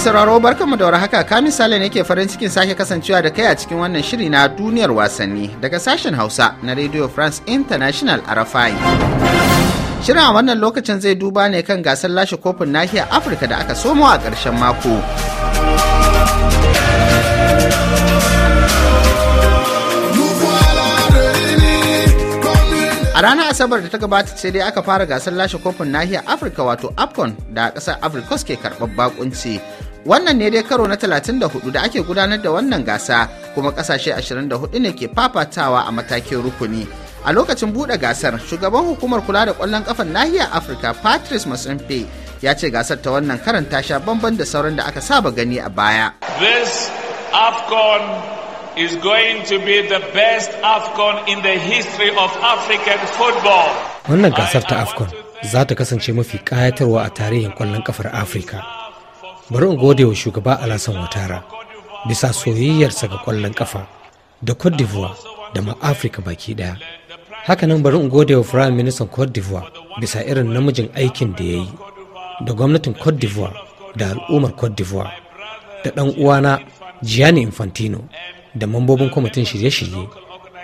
Mai sauraro barkanmu da warhaka ka misali ne ke farin cikin sake kasancewa da kai a cikin wannan shiri na duniyar wasanni daga sashen Hausa na Radio France International Arafai. Shirin a wannan lokacin zai duba ne kan gasar lashe kofin nahiyar Afirka da aka somo a ƙarshen mako. A ranar Asabar da ta gabata sai dai aka fara gasar lashe kofin nahiyar Afirka wato AFCON da ƙasar afirka ke karɓar bakunci. wannan ne dai karo na 34 da ake gudanar da wannan gasa kuma kasashe 24 ne ke fafatawa a matakin rukuni a lokacin buɗe gasar shugaban hukumar kula da ƙwallon ƙafar nahiyar afirka patrice masumpe ya ce gasar ta wannan karan ta sha bamban da sauran da aka saba gani a baya this afcon is going to be the best afcon in the history of african football wannan gasar ta afcon za ta kasance mafi ƙayatarwa a tarihin ƙwallon ƙafar afirka bari in gode wa shugaba alasan watara bisa soyayyarsa ga kwallon kafa da cote d'ivoire da ma afirka baki daya hakanan bari in gode wa firayim ministan cote d'ivoire bisa irin namijin aikin da ya yi da gwamnatin cote d'ivoire da al'ummar cote d'ivoire da ɗan uwana gianni infantino da mambobin kwamitin shirye-shirye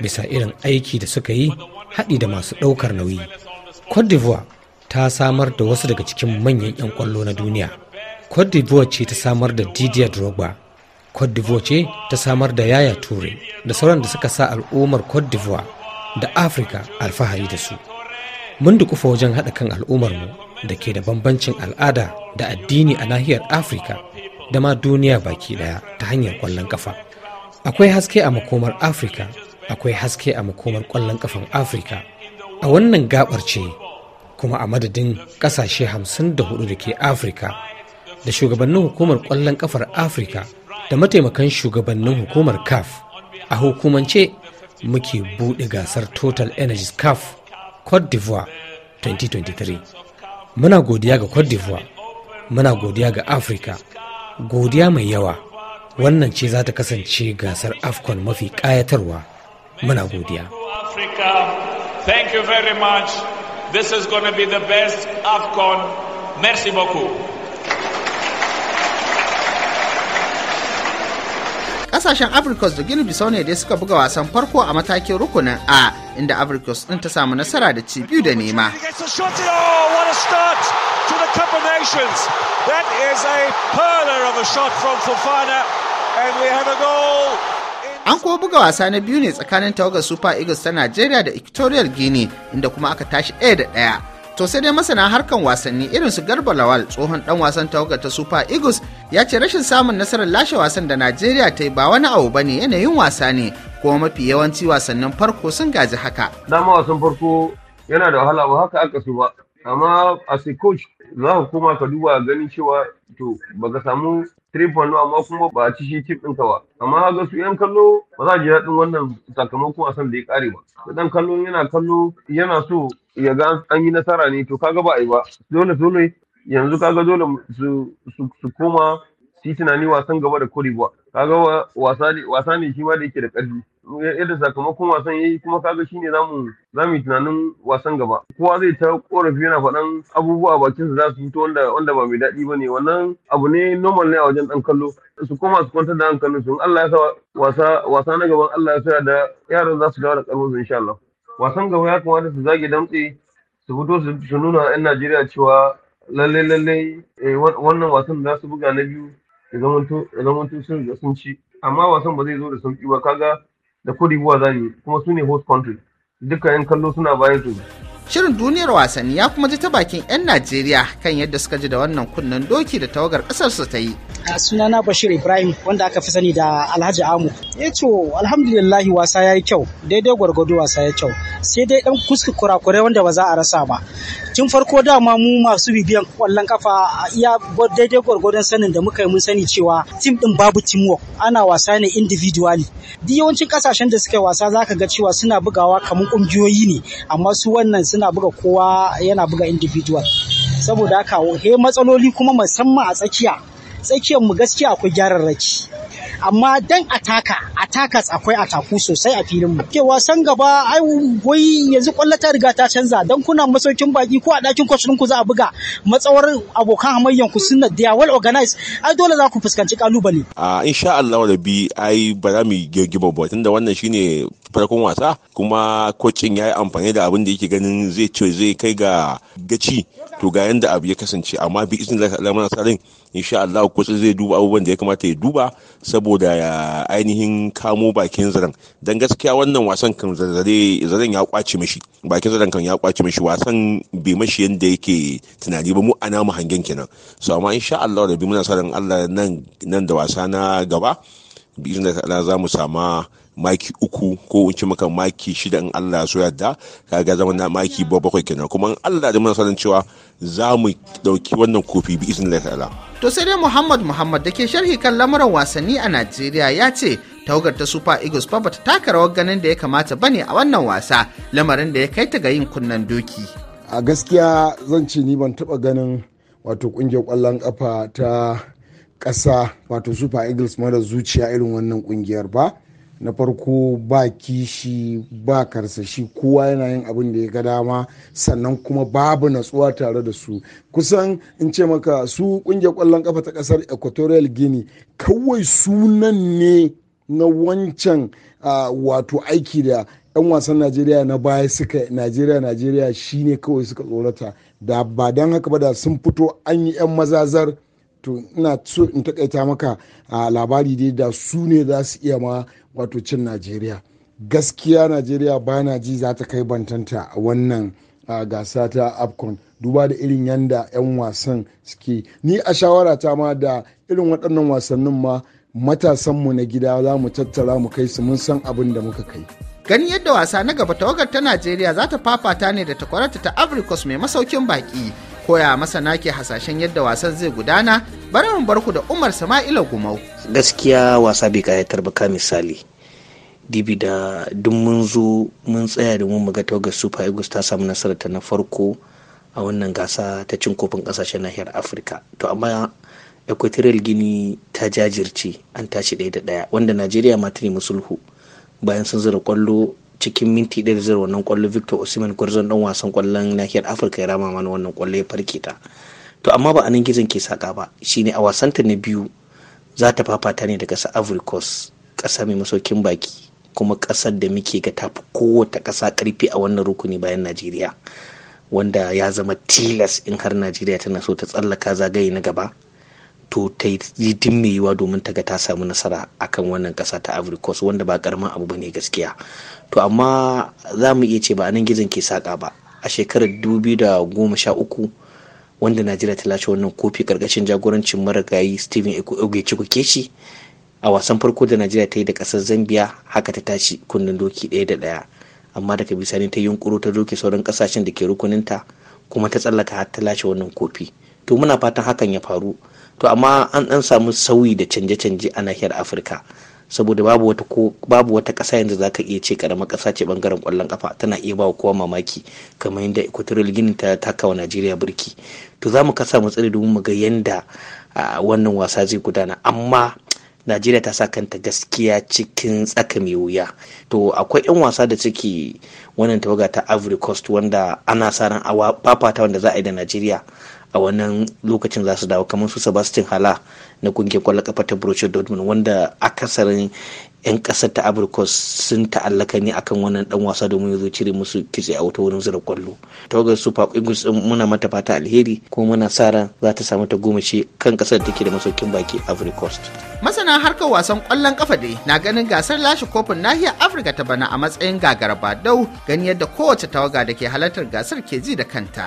bisa irin aiki da suka yi haɗi da masu ɗaukar nauyi cote d'ivoire ta samar da wasu daga cikin manyan 'yan kwallo na duniya cote d'ivoire ce ta samar da didier drogba cote d'ivoire ce ta samar da yaya ture da sauran da suka sa al'ummar cote d'ivoire da afirka alfahari da su mun dukufa wajen haɗa kan al'ummarmu da ke da bambancin al'ada da addini a nahiyar Afrika, da ma duniya baki ɗaya ta hanyar ƙwallon ƙafa akwai haske a makomar afirka akwai haske a makomar ƙwallon ƙafan afirka a wannan gabar ce kuma a madadin ƙasashe hamsin da ke afirka da shugabannin hukumar kwallon kafar afirka da mataimakan shugabannin hukumar caf a hukumance muke buɗe gasar total energies caf cote d'ivoire 2023 muna godiya ga cote d'ivoire muna godiya ga afirka godiya mai yawa wannan ce za ta kasance gasar afcon mafi ƙayatarwa muna godiya Thank very much. This is going to be the best AFCON. Merci beaucoup. kasashen africa da guinea bissau ne dai suka buga wasan farko a matakin rukunin a inda africa din ta samu nasara da ci biyu da nema an kuma buga wasa na biyu ne tsakanin tawagar super eagles ta nigeria da equatorial guinea inda kuma aka tashi ɗaya da ɗaya To sai dai masana harkan wasanni irin su Garba Lawal tsohon dan wasan tawaga ta Super Eagles ya ce rashin samun nasarar lashe wasan da Najeriya ta yi ba wani abu bane yanayin wasa ne kuma mafi yawanci wasannin farko sun gaji haka. Dama wasan farko yana da wahala ba haka aka so ba amma as a coach za ka koma ka duba ganin cewa to ba ka samu 3.0 amma kuma ba a ci shi cip ɗinka ba amma ga su yan kallo ba za ji daɗin wannan sakamakon a san da ya ƙare ba dan kallo yana kallo yana so ya ga an yi nasara ne to kaga ba a yi ba dole dole yanzu kaga dole su koma su tunani wasan gaba da Cote ba kaga wasa ne shi ma da yake da ƙarfi yadda sakamakon wasan ya yi kuma kaga shine ne za mu yi tunanin wasan gaba kowa zai ta korafi yana faɗan abubuwa a bakinsa za su fito wanda ba mai daɗi ba ne wannan abu ne normal ne a wajen ɗan kallo su koma su kwantar da hankalin su Allah ya sa wasa na gaban Allah ya sa da yaran za su dawo da ƙarfin su insha Allah wasan gaba ya kamata su zage damtse su fito su nuna 'yan Najeriya cewa lalle lalle eh, wannan wasan za su buga na biyu ya zamanto sun sun ci amma wasan ba zai zo da sauki ba kaga da kodewa za yi kuma su ne host country duka 'yan kallo suna bayan su. Shirin duniyar wasanni ya kuma ji ta bakin 'yan Najeriya kan yadda suka ji da wannan kunnen doki da tawagar su ta yi. sunana Bashir Ibrahim wanda aka fi sani da Alhaji Amu. Ya eh ce alhamdulillahi wasa ya yi kyau daidai gwargwado wasa ya kyau sai dai ɗan kuskure kurakurai wanda ba za a rasa ba. tun farko dama mu masu bibiyan kwallon kafa iya daidai gwargwadon sanin da muka yi mun sani cewa tim din babu teamwork ana wasa ne individually duk yawancin kasashen da suka yi wasa zaka ga cewa suna bugawa kamar kungiyoyi ne amma su wannan suna buga kowa yana buga individual saboda haka he matsaloli kuma musamman a tsakiya tsakiyar mu gaskiya akwai gyararraki amma dan ataka atakas akwai ataku sosai a filin mu ke wasan gaba ai wai yanzu kwallo ta riga ta canza dan kuna masaukin baki ko a dakin kwashin ku za a buga matsawar abokan hamayyan ku sunna they are well organized ai dole za ku fuskanci kalubale a insha Allah rabi ai ba za mu girgiba ba tunda wannan shine farkon wasa kuma kocin yayi amfani da abin da yake ganin zai ce zai kai ga gaci to ga yanda abu ya kasance amma bi izinin Allah muna sa in insha Allah kusa zai duba abubuwan da ya kamata ya duba saboda ya ainihin kamo bakin zaren dan gaskiya wannan wasan kan zaren ya kwace mishi bakin zaren kan ya kwace mishi wasan bai mashi yanda yake tunani ba mu ana mu hangen kenan so amma insha Allah da bi muna sa Allah nan da wasa na gaba bi izinin Allah za mu sama maki uku ko in ci maka maki shida in Allah so yarda kaga zama na maki bakwai kenan kuma in Allah da muna sanin cewa za mu dauki wannan kofi bi izin Allah to sai dai Muhammad Muhammad dake sharhi kan lamuran wasanni a Najeriya ya ce tawagar ta Super Eagles fa bata taka rawar ganin da ya kamata bane a wannan wasa lamarin da ya kai ta ga yin kunnen doki a gaskiya zan ce ni ban taba ganin wato kungiyar kwallon kafa ta ƙasa wato super eagles mara zuciya irin wannan kungiyar ba na farko ba kishi ba karsashi kowa yana yin abin da ya ga dama sannan kuma babu natsuwa tare da su kusan in ce maka su kungiyar kwallon kafa ta kasar equatorial guinea kawai sunan ne na wancan wato aiki da 'yan wasan najeriya na baya suka najeriya najeriya shine kawai suka tsorata da ba don haka ba da sun fito an yi 'yan mazazar to ina so in takaita maka a labari dai da su ne za su iya ma wato cin najeriya gaskiya najeriya ba na ji za ta kai bantanta a wannan gasa ta afcon duba da irin yanda 'yan wasan suke ni a shawara ta ma da irin waɗannan wasannin ma matasanmu na gida za mu tattara mu kai su mun san abin da muka kai gani yadda wasa na gaba tawagar ta najeriya za ta fafata ne da takwarata ta africos mai masaukin baki koya masana ke hasashen yadda wasan zai gudana bari mu barku da umar sama'ila gumau gaskiya wasa bai kayatar ba ka misali dibi da duk mun zo mun tsaya da mun ga tawagar super eagles ta samu nasarar ta na farko a wannan gasa ta cin kofin kasashen nahiyar afirka to amma equatorial guinea ta jajirce an tashi ɗaya da ɗaya wanda najeriya ma ta nemi sulhu bayan sun zira kwallo cikin minti ɗaya da zira wannan kwallo victor osimhen gwarzon ɗan wasan kwallon nahiyar afirka ya rama mana wannan kwallo ya farke ta to amma ba a nan gizon ke saka ba Shi ne a wasanta na biyu za ta fafata ne da ƙasa ivory coast ƙasa mai masaukin baki kuma ƙasar da muke ga tafi kowace ƙasa ƙarfi a wannan rukuni bayan najeriya wanda ya zama tilas in har najeriya tana so ta tsallaka zagaye na gaba to ta yi dimmewa domin ta ga ta samu nasara akan wannan kasa ta Ivory Coast wanda ba karamin abu bane gaskiya to amma za mu iya ce ba anan gizon ke saka ba a shekarar 2013 wanda Najeriya ta lashe wannan kofi karkashin jagorancin marigayi Steven shi. a wasan farko da Najeriya ta yi da kasar Zambia haka ta tashi kunnen doki ɗaya da ɗaya amma daga bisani ta yunkuro ta doke sauran kasashen da ke rukuninta kuma ta tsallaka har ta lashe wannan kofi to muna fatan hakan ya faru to amma an dan samu sauyi da canje-canje a nahiyar afirka saboda babu wata ƙasa babu za ka iya ce karamar ƙasa ce bangaren ƙwallon ƙafa tana iya bawa kowa mamaki kamar yadda equatorial guinea ta takawa najeriya birki to za mu kasa mu tsiri domin mu ga yanda wannan wasa zai gudana amma najeriya ta sa kanta gaskiya cikin tsaka mai wuya to akwai 'yan wasa da suke wannan tawaga ta ivory coast wanda ana sa ran fafata wanda za a yi da najeriya a wannan lokacin za su dawo kamar su sebastian hala na kungiyar kwallon kafa ta borussia dortmund wanda akasarin 'yan kasar ta africa sun ta'allaka ne akan wannan dan wasa domin ya zo cire musu kitse a wata wurin zira kwallo tawagar super eagles din muna mata fata alheri kuma muna sa ran za ta samu ta goma ce kan kasar take da masaukin baki coast. masana harkar wasan kwallon kafa dai na ganin gasar lashe kofin nahiyar afirka ta bana a matsayin gagara dau gani yadda kowace tawaga da ke halartar gasar ke ji da kanta.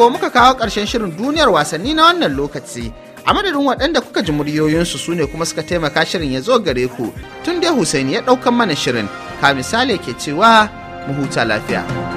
ko muka kawo ƙarshen shirin duniyar wasanni na wannan lokaci. A madadin waɗanda kuka ji muryoyinsu su ne kuma suka taimaka shirin ya zo gare ku tun dai Hussein ya ɗaukan mana shirin. Ka misali ke cewa mu huta lafiya.